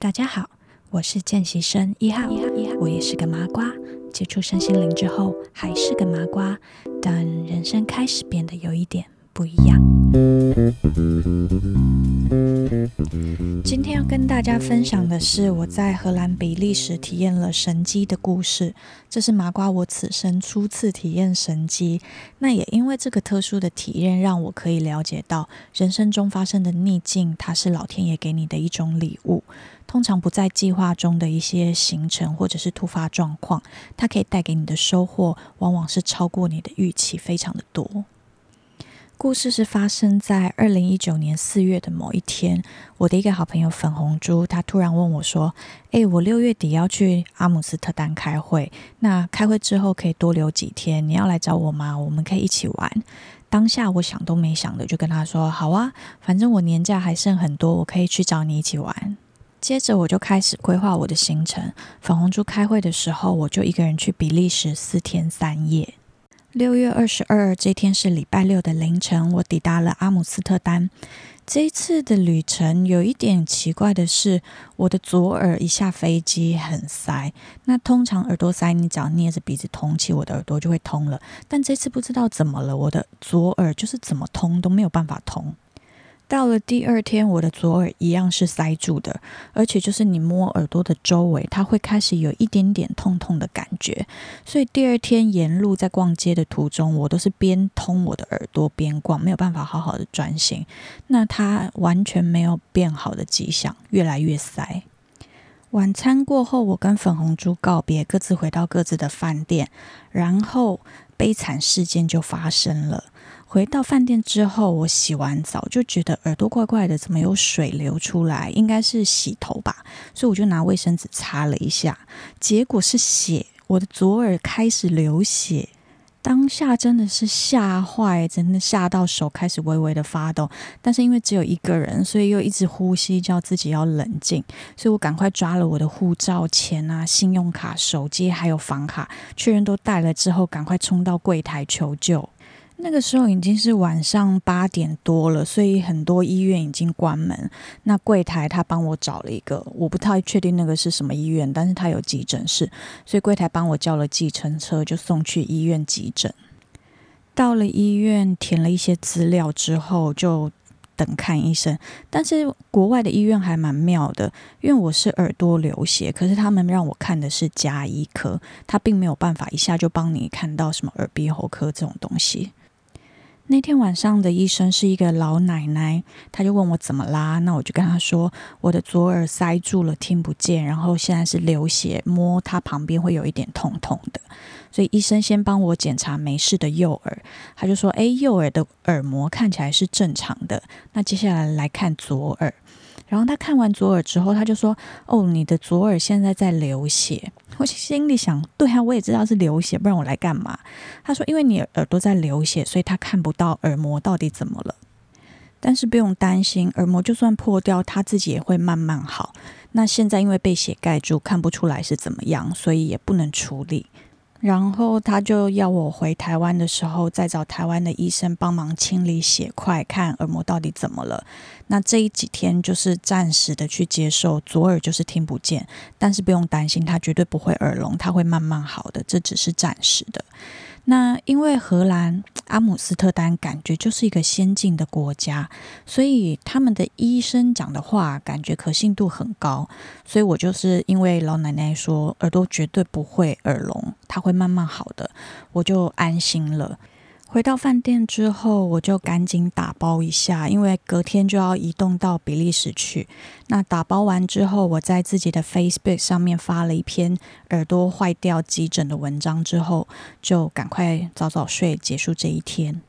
大家好，我是見習生一號，一號。我也是個麻瓜，接觸身心靈之後還是個麻瓜，但人生開始變得有一點不一樣。今天要跟大家分享的是我在荷蘭比利時體驗了神蹟的故事。這是麻瓜我此生初次體驗神蹟。那也因為這個特殊的體驗，讓我可以了解到人生中發生的逆境，它是老天爺給你的一種禮物。通常不在計劃中的一些行程或者是突發狀況，它可以帶給你的收穫，往往是超過你的預期，非常的多。故事是發生在二零一九年四月的某一天，我的一個好朋友粉紅豬，他突然問我說：“哎、欸，我六月底要去阿姆斯特丹開會，那開會之後可以多留幾天，你要來找我嗎？我們可以一起玩。”當下我想都沒想的就跟他說：“好啊，反正我年假還剩很多，我可以去找你一起玩。”接着我就開始規劃我的行程。粉紅豬開會的時候，我就一個人去比利時四天三夜。六月二十二這天是禮拜六的凌晨，我抵達了阿姆斯特丹。這一次的旅程有一點奇怪的是，我的左耳一下飛機很塞。那通常耳朵塞，你只要捏着鼻子通氣，我的耳朵就會通了。但這次不知道怎麼了，我的左耳就是怎麼通都沒有辦法通。到了第二天，我的左耳一樣是塞住的，而且就是你摸耳朵的周圍，它會開始有一點點痛痛的感覺。所以第二天沿路在逛街的途中，我都是邊通我的耳朵邊逛，沒有辦法好好的專心。那它完全沒有變好的跡象，越來越塞。晚餐過後，我跟粉紅豬告別，各自回到各自的飯店，然後悲慘事件就發生了。回到飯店之後，我洗完澡就覺得耳朵怪怪的，怎麼有水流出來？應該是洗頭吧，所以我就拿衛生紙擦了一下，結果是血！我的左耳開始流血，當下真的是嚇壞，真的嚇到手開始微微的發抖。但是因為只有一個人，所以又一直呼吸，叫自己要冷靜。所以我趕快抓了我的護照、錢啊、信用卡、手機還有房卡，確認都帶了之後，趕快衝到櫃檯求救。那個時候已經是晚上八點多了，所以很多醫院已經關門。那櫃台他幫我找了一個，我不太確定那個是什麼醫院，但是他有急診室，所以櫃台幫我叫了計程車，就送去醫院急診。到了醫院填了一些資料之後，就等看醫生。但是國外的醫院還蠻妙的，因為我是耳朵流血，可是他們讓我看的是家醫科，他並沒有辦法一下就幫你看到什麼耳鼻喉科這種東西。那天晚上的醫生是一個老奶奶，她就問我怎麼啦？那我就跟她說，我的左耳塞住了，聽不見，然後現在是流血，摸她旁邊會有一點痛痛的。所以醫生先幫我檢查沒事的右耳，他就說，哎、欸，右耳的耳膜看起來是正常的。那接下來來看左耳。然後他看完左耳之後，他就說：“哦，你的左耳現在在流血。”我心裡想：“對啊，我也知道是流血，不然我來幹嘛？”他說：“因為你耳朵在流血，所以他看不到耳膜到底怎麼了。但是不用擔心，耳膜就算破掉，他自己也會慢慢好。那現在因為被血蓋住，看不出來是怎麼樣，所以也不能處理。”然後他就要我回台灣的時候，再找台灣的醫生幫忙清理血塊，看耳膜到底怎麼了。那這一幾天就是暫時的去接受，左耳就是聽不見，但是不用擔心，他絕對不會耳聾，他會慢慢好的，這只是暫時的。那因為荷蘭阿姆斯特丹感覺就是一個先進的國家，所以他們的醫生講的話感覺可信度很高，所以我就是因為老奶奶說耳朵絕對不會耳聾，它會慢慢好的，我就安心了。回到飯店之後，我就趕緊打包一下，因為隔天就要移動到比利時去。那打包完之後，我在自己的 Facebook 上面發了一篇耳朵壞掉急診的文章，之後就趕快早早睡，結束這一天。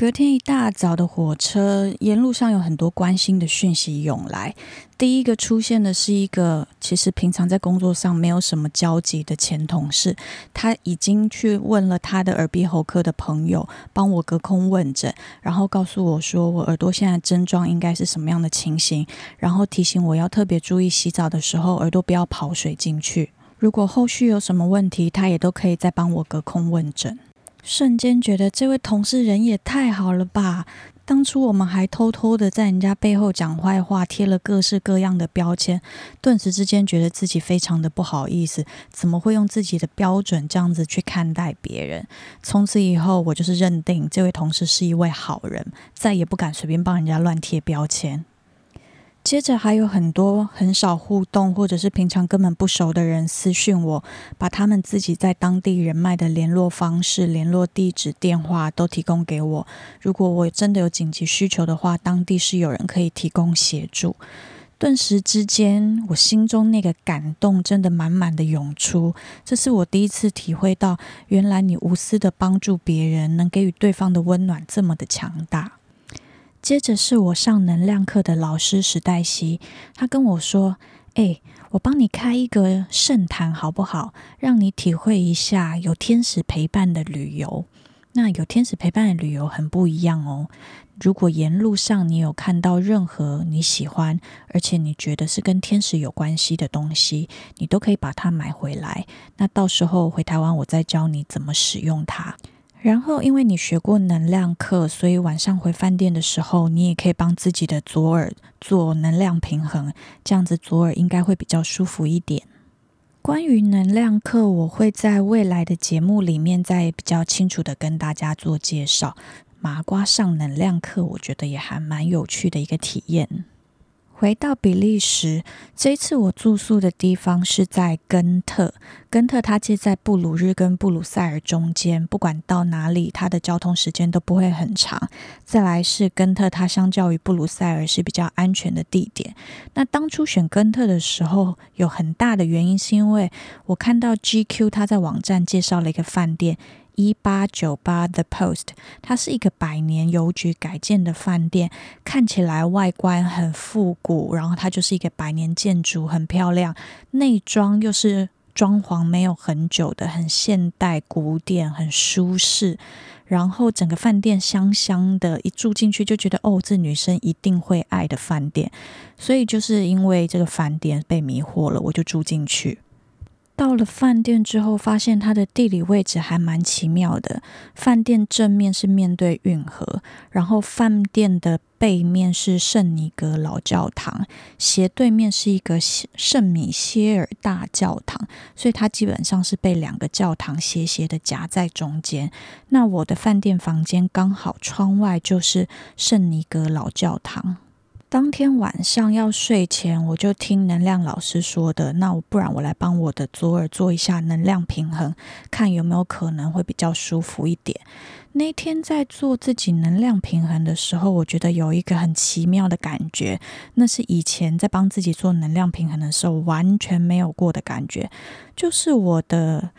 隔天一大早的火車，沿路上有很多關心的訊息湧來。第一個出現的是一個其實平常在工作上沒有什麼交集的前同事，他已經去問了他的耳鼻喉科的朋友幫我隔空問診，然後告訴我說我耳朵現在症狀應該是什麼樣的情形，然後提醒我要特別注意洗澡的時候耳朵不要跑水進去。如果後續有什麼問題，他也都可以再幫我隔空問診。瞬間覺得這位同事人也太好了吧！當初我們還偷偷的在人家背後講壞話，貼了各式各樣的標籤，頓時之間覺得自己非常的不好意思，怎麼會用自己的標準這樣子去看待別人？從此以後，我就是認定這位同事是一位好人，再也不敢隨便幫人家亂貼標籤。接着還有很多很少互動，或者是平常根本不熟的人私訊我，把他們自己在當地人脈的聯絡方式、聯絡地址、電話都提供給我。如果我真的有緊急需求的話，當地是有人可以提供協助。頓時之間，我心中那個感動真的滿滿的湧出。這是我第一次體會到，原來你無私的幫助別人，能給予對方的溫暖這麼的強大。接着是我上能量課的老師史黛西，他跟我說：“哎、欸，我幫你開一個聖壇好不好？讓你體會一下有天使陪伴的旅遊。那有天使陪伴的旅遊很不一樣哦。如果沿路上你有看到任何你喜歡，而且你覺得是跟天使有關係的東西，你都可以把它買回來。那到時候回台灣，我再教你怎麼使用它。”然後，因為你學過能量課，所以晚上回飯店的時候，你也可以幫自己的左耳做能量平衡，這樣子左耳應該會比較舒服一點。關於能量課，我會在未來的節目裡面再比較清楚的跟大家做介紹。麻瓜上能量課，我覺得也還蠻有趣的一個體驗。回到比利時，這一次我住宿的地方是在根特。根特它介在布魯日跟布魯塞爾中間，不管到哪裡，它的交通時間都不會很長。再來是根特，它相較於布魯塞爾是比較安全的地點。那當初選根特的時候，有很大的原因是因為我看到 GQ 他在網站介紹了一個飯店。一八九八 The Post，它是一個百年郵局改建的飯店，看起來外觀很復古，然後它就是一個百年建築，很漂亮。內裝又是裝潢沒有很久的，很現代古典，很舒適。然後整個飯店香香的，一住進去就覺得哦，這女生一定會愛的飯店。所以就是因為這個飯店被迷惑了，我就住進去。到了飯店之後，發現它的地理位置還蠻奇妙的。飯店正面是面對運河，然後飯店的背面是聖尼格老教堂，斜對面是一個聖米歇爾大教堂，所以它基本上是被兩個教堂斜斜的夾在中間。那我的飯店房間剛好窗外就是聖尼格老教堂。當天晚上要睡前，我就聽能量老師說的，那我不然我來幫我的左耳做一下能量平衡，看有沒有可能會比較舒服一點。那天在做自己能量平衡的時候，我覺得有一個很奇妙的感覺，那是以前在幫自己做能量平衡的時候完全沒有過的感覺，就是我的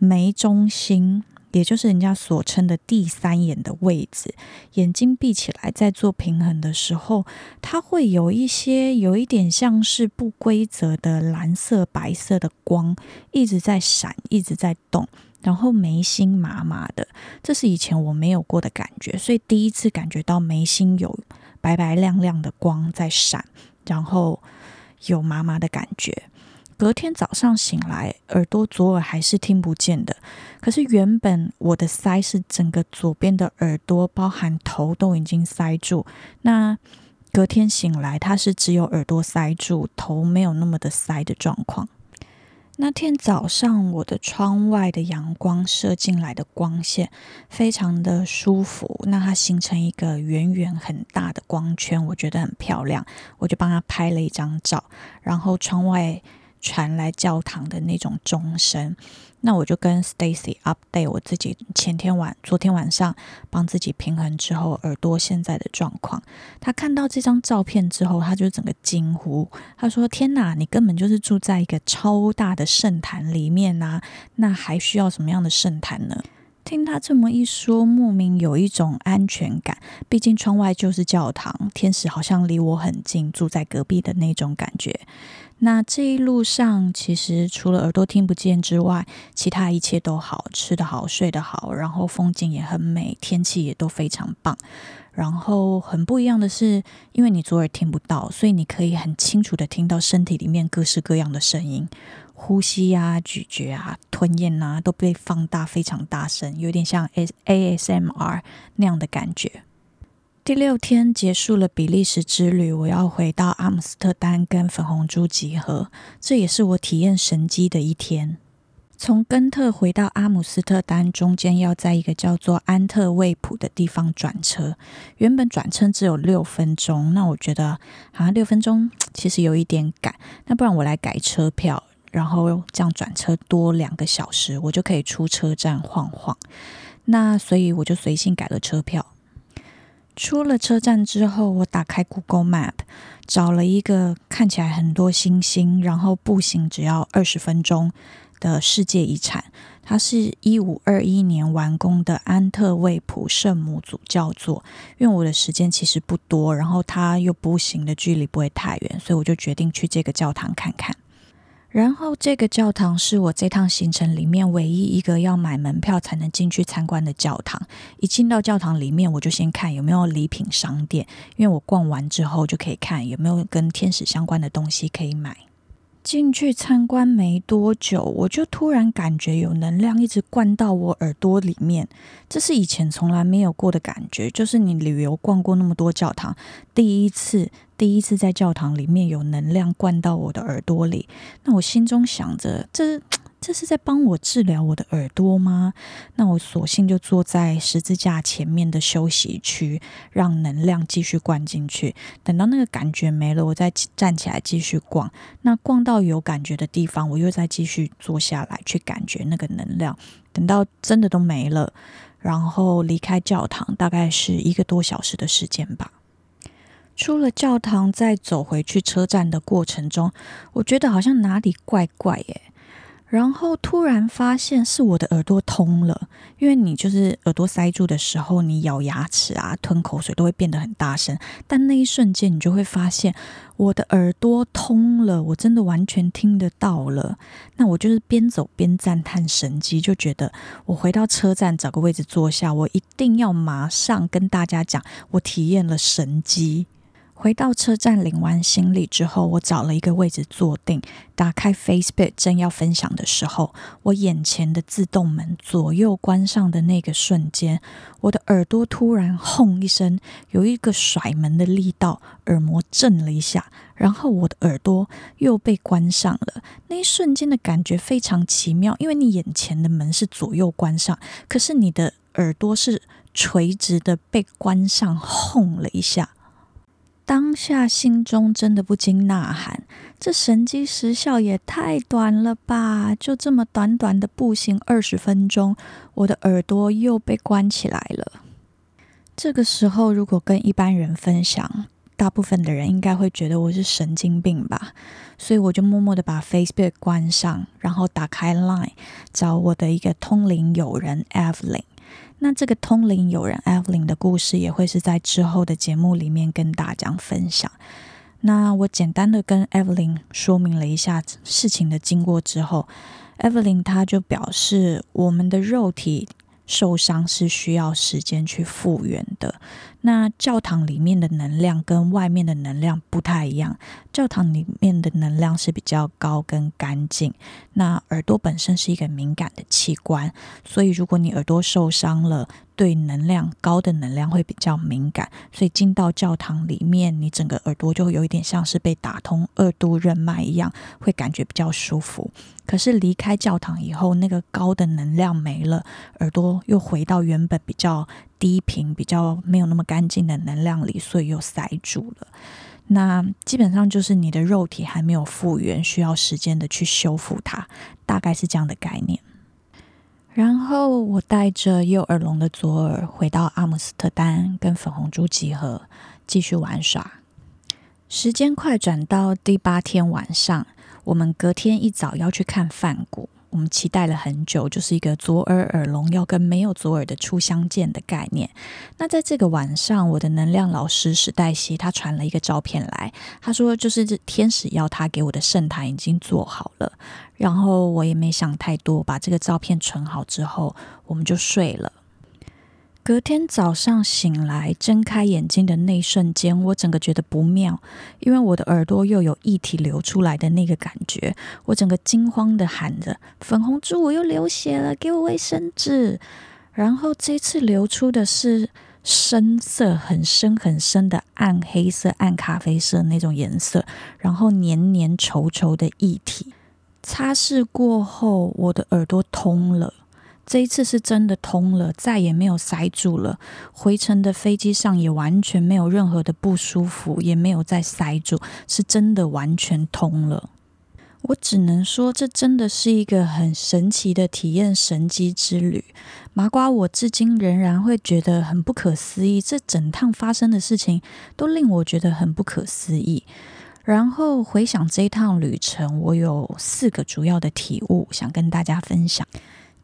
眉中心。也就是人家所稱的第三眼的位置，眼睛閉起來在做平衡的時候，它會有一些有一點像是不規則的藍色、白色的光一直在閃，一直在動，然後眉心麻麻的，這是以前我沒有過的感覺，所以第一次感覺到眉心有白白亮亮的光在閃，然後有麻麻的感覺。隔天早上醒來，耳朵左耳還是聽不見的。可是原本我的塞是整個左邊的耳朵，包含頭都已經塞住。那隔天醒來，它是只有耳朵塞住，頭沒有那麼的塞的狀況。那天早上，我的窗外的陽光射進來的光線非常的舒服，那它形成一個圓圓很大的光圈，我覺得很漂亮，我就幫他拍了一張照。然後窗外，傳來教堂的那種鐘聲，那我就跟 Stacy update 我自己前天晚、昨天晚上幫自己平衡之後耳朵現在的狀況。他看到這張照片之後，他就整個驚呼：“他說天哪，你根本就是住在一個超大的聖壇裡面啊！那還需要什麼樣的聖壇呢？”聽他這麼一說，莫名有一種安全感，畢竟窗外就是教堂，天使好像離我很近，住在隔壁的那種感覺。那這一路上，其實除了耳朵聽不見之外，其他一切都好，吃得好、睡得好，然後風景也很美，天氣也都非常棒。然後很不一樣的是，因為你左耳聽不到，所以你可以很清楚的聽到身體裡面各式各樣的聲音，呼吸啊、咀嚼啊、吞嚥啊，都被放大非常大聲，有點像 ASMR 那樣的感覺。第六天結束了比利時之旅，我要回到阿姆斯特丹跟粉紅豬集合。這也是我體驗神蹟的一天。從根特回到阿姆斯特丹，中間要在一個叫做安特衛普的地方轉車。原本轉車只有六分鐘，那我覺得好像、啊、六分鐘其實有一點趕。那不然我來改車票，然後這樣轉車多兩個小時，我就可以出車站晃晃。那所以我就隨性改了車票。出了車站之後，我打開 Google Map，找了一個看起來很多星星，然後步行只要二十分鐘的世界遺產。它是一五二一年完工的安特衛普聖母主教座。因為我的時間其實不多，然後它又步行的距離不會太遠，所以我就決定去這個教堂看看。然後這個教堂是我這趟行程裡面唯一一個要買門票才能進去參觀的教堂。一進到教堂裡面，我就先看有沒有禮品商店，因為我逛完之後就可以看有沒有跟天使相關的東西可以買。進去參觀沒多久，我就突然感覺有能量一直灌到我耳朵裡面，這是以前從來沒有過的感覺。就是你旅遊逛過那麼多教堂，第一次，第一次在教堂裡面有能量灌到我的耳朵裡。那我心中想着，這。這是在幫我治療我的耳朵嗎？那我索性就坐在十字架前面的休息區，讓能量繼續灌進去。等到那個感覺沒了，我再站起來繼續逛。那逛到有感覺的地方，我又再繼續坐下來去感覺那個能量。等到真的都沒了，然後離開教堂，大概是一個多小時的時間吧。出了教堂，在走回去車站的過程中，我覺得好像哪裡怪怪耶。然後突然發現是我的耳朵通了，因為你就是耳朵塞住的時候，你咬牙齒啊、吞口水都會變得很大聲。但那一瞬間，你就會發現我的耳朵通了，我真的完全聽得到了。那我就是邊走邊讚嘆神蹟，就覺得我回到車站找個位置坐下，我一定要馬上跟大家講，我體驗了神蹟。回到車站，領完行李之後，我找了一個位置坐定，打開 Facebook，正要分享的時候，我眼前的自動門左右關上的那個瞬間，我的耳朵突然“轟”一聲，有一個甩門的力道，耳膜震了一下，然後我的耳朵又被關上了。那一瞬間的感覺非常奇妙，因為你眼前的門是左右關上，可是你的耳朵是垂直的被關上，“轟”了一下。當下心中真的不禁吶喊：這神蹟時效也太短了吧！就這麼短短的步行二十分鐘，我的耳朵又被關起來了。這個時候，如果跟一般人分享，大部分的人應該會覺得我是神經病吧？所以我就默默地把 Facebook 關上，然後打開 Line 找我的一個通靈友人 Evelyn。那這個通靈友人 Evelyn 的故事也會是在之後的節目裡面跟大家分享。那我簡單的跟 Evelyn 說明了一下事情的經過之後，Evelyn 她就表示我們的肉體受傷是需要時間去復原的。那教堂裡面的能量跟外面的能量不太一樣，教堂裡面的能量是比較高跟乾淨。那耳朵本身是一個敏感的器官，所以如果你耳朵受傷了，對能量高的能量會比較敏感。所以進到教堂裡面，你整個耳朵就有一點像是被打通二度任脈一樣，會感覺比較舒服。可是離開教堂以後，那個高的能量沒了，耳朵又回到原本比較。低頻比較，沒有那麼乾淨的能量裡，所以又塞住了。那基本上就是你的肉體還沒有復原，需要時間的去修復它，大概是這樣的概念。然後我帶着右耳聾的左耳回到阿姆斯特丹，跟粉紅豬集合，繼續玩耍。時間快轉到第八天晚上，我們隔天一早要去看梵谷。我們期待了很久，就是一個左耳耳聾要跟沒有左耳的初相見的概念。那在這個晚上，我的能量老師史黛西她傳了一個照片來，她說，就是這天使要她給我的聖壇已經做好了。然後我也沒想太多，把這個照片存好之後，我們就睡了。隔天早上醒來，睜開眼睛的那一瞬間，我整個覺得不妙，因為我的耳朵又有液體流出來的那個感覺，我整個驚慌的喊着：“粉紅豬，我又流血了，給我衛生紙。”然後這次流出的是深色，很深很深的暗黑色、暗咖啡色那種顏色，然後黏黏稠稠的液體。擦拭過後，我的耳朵通了。這一次是真的通了，再也沒有塞住了。回程的飛機上也完全沒有任何的不舒服，也沒有再塞住，是真的完全通了。我只能說，這真的是一個很神奇的體驗神蹟之旅。麻瓜，我至今仍然會覺得很不可思議。這整趟發生的事情都令我覺得很不可思議。然後回想這一趟旅程，我有四個主要的體悟，想跟大家分享。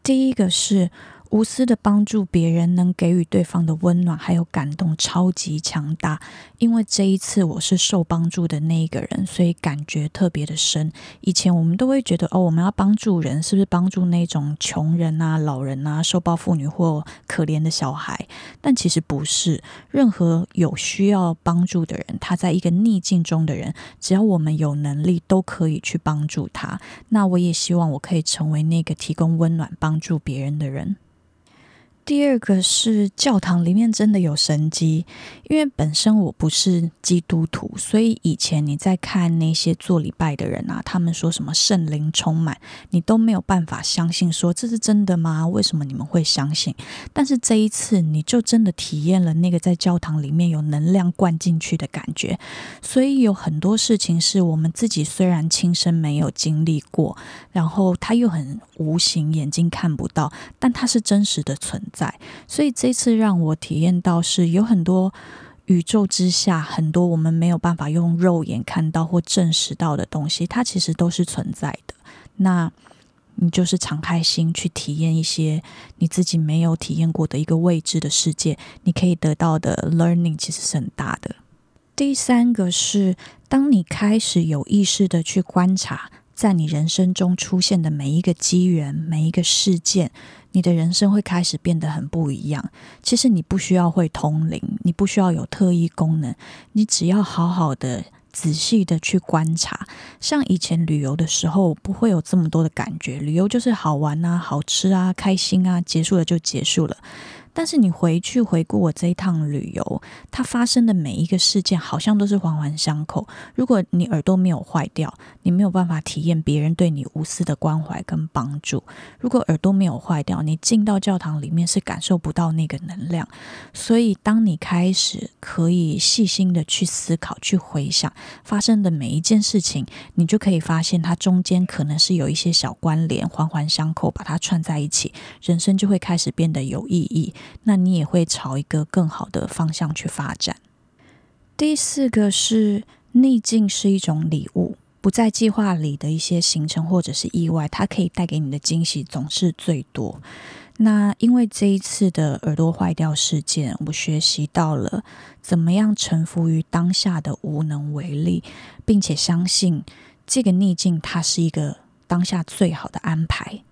第一個是，無私的幫助別人，能給予對方的溫暖還有感動，超級強大。因為這一次我是受幫助的那一個人，所以感覺特別的深。以前我們都會覺得，哦，我們要幫助人，是不是幫助那種窮人啊、老人啊、受暴婦女或可憐的小孩？但其實不是，任何有需要幫助的人，他在一個逆境中的人，只要我們有能力，都可以去幫助他。那我也希望我可以成為那個提供溫暖、幫助別人的人。第二個是教堂裡面真的有神蹟，因為本身我不是基督徒，所以以前你在看那些做禮拜的人啊，他們說什麼聖靈充滿，你都沒有辦法相信說，說這是真的嗎？為什麼你們會相信？但是這一次你就真的體驗了那個在教堂裡面有能量灌進去的感覺，所以有很多事情是我們自己雖然親身沒有經歷過，然後它又很無形，眼睛看不到，但它是真實的存在。在，所以這次讓我體驗到是有很多宇宙之下，很多我們沒有辦法用肉眼看到或證實到的東西，它其實都是存在的。那你就是敞開心去體驗一些你自己沒有體驗過的一個未知的世界，你可以得到的 learning 其實是很大的。第三個是，當你開始有意識地去觀察。在你人生中出現的每一個機緣，每一個事件，你的人生會開始變得很不一樣。其實你不需要會通靈，你不需要有特異功能，你只要好好的、仔細的去觀察。像以前旅遊的時候，不會有這麼多的感覺。旅遊就是好玩啊、好吃啊、開心啊，結束了就結束了。但是你回去回顧我這一趟旅遊，它發生的每一個事件，好像都是環環相扣。如果你耳朵沒有壞掉，你沒有辦法體驗別人對你無私的關懷跟幫助；如果耳朵沒有壞掉，你進到教堂裡面是感受不到那個能量。所以，當你開始可以細心的去思考、去回想發生的每一件事情，你就可以發現它中間可能是有一些小關聯，環環相扣，把它串在一起，人生就會開始變得有意義。那你也會朝一個更好的方向去發展。第四個是逆境是一種禮物，不在計劃裡的一些行程或者是意外，它可以帶給你的驚喜總是最多。那因為這一次的耳朵壞掉事件，我學習到了怎麼樣臣服於當下的無能為力，並且相信這個逆境它是一個當下最好的安排。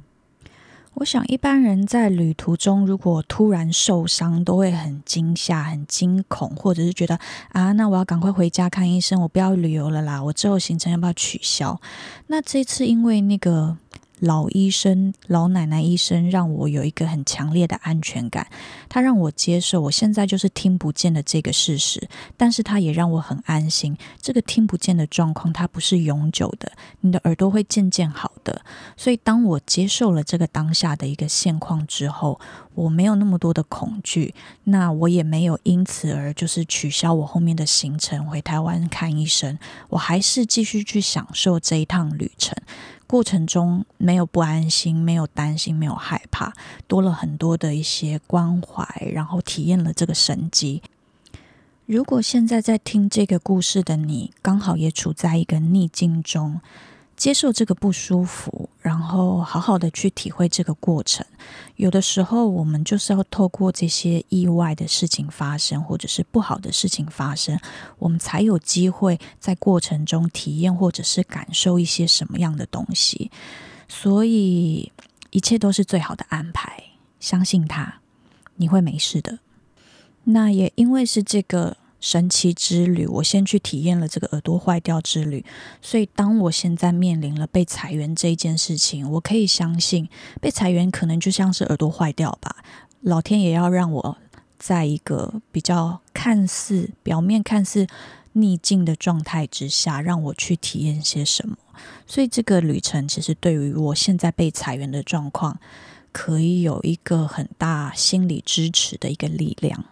我想，一般人在旅途中，如果突然受傷，都會很驚嚇、很驚恐，或者是覺得啊，那我要趕快回家看醫生，我不要旅遊了啦，我之後行程要不要取消？那這次因為那個。老醫生、老奶奶醫生讓我有一個很強烈的安全感，他讓我接受我現在就是聽不見的這個事實，但是他也讓我很安心。這個聽不見的狀況它不是永久的，你的耳朵會漸漸好的。所以當我接受了這個當下的一個現況之後，我沒有那麼多的恐懼，那我也沒有因此而就是取消我後面的行程回台灣看醫生，我還是繼續去享受這一趟旅程。過程中沒有不安心，沒有擔心，沒有害怕，多了很多的一些關懷，然後體驗了這個神蹟。如果現在在聽這個故事的你，剛好也處在一個逆境中。接受這個不舒服，然後好好的去體會這個過程。有的時候，我們就是要透過這些意外的事情發生，或者是不好的事情發生，我們才有機會在過程中體驗或者是感受一些什麼樣的東西。所以，一切都是最好的安排，相信他，你會沒事的。那也因為是這個。神奇之旅，我先去體驗了這個耳朵壞掉之旅。所以，當我現在面臨了被裁員這件事情，我可以相信，被裁員可能就像是耳朵壞掉吧。老天也要讓我在一個比較看似表面看似逆境的狀態之下，讓我去體驗些什麼。所以，這個旅程其實對於我現在被裁員的狀況，可以有一個很大心理支持的一個力量。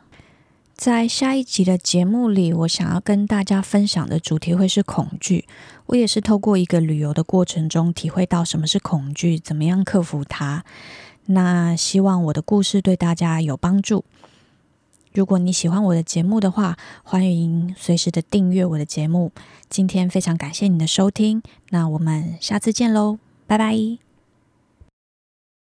在下一集的節目裡，我想要跟大家分享的主題會是恐懼。我也是透過一個旅遊的過程中，體會到什麼是恐懼，怎麼樣克服它。那希望我的故事對大家有幫助。如果你喜歡我的節目的話，歡迎隨時的訂閱我的節目。今天非常感謝你的收聽，那我們下次見嘍，拜拜。